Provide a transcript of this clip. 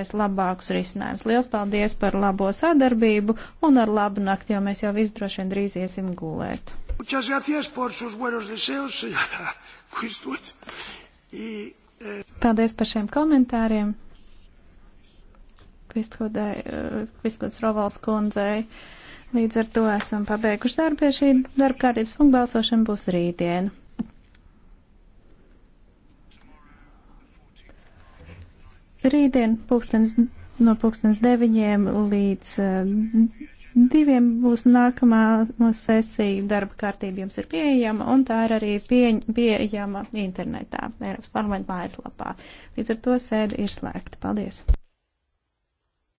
rast labākus risinājumus. Lielas paldies par labo sadarbību un ar labu nakti, jo mēs jau visi droši vien drīz iesim gulēt. Eh, paldies par šiem komentāriem. Kvistkots eh, Rovals kundzei. Līdz ar to esam pabeiguši darbu pie šī darba kārtības un balsošana būs rītdien. Rītdien pulkstens, no pulkstens deviņiem līdz eh, diviem būs nākamā sesija. Darba kārtība jums ir pieejama, un tā ir arī pieņ, pieejama internetā, Eiropas parlamenta mājaslapā. Līdz ar to sēde ir slēgta. Paldies!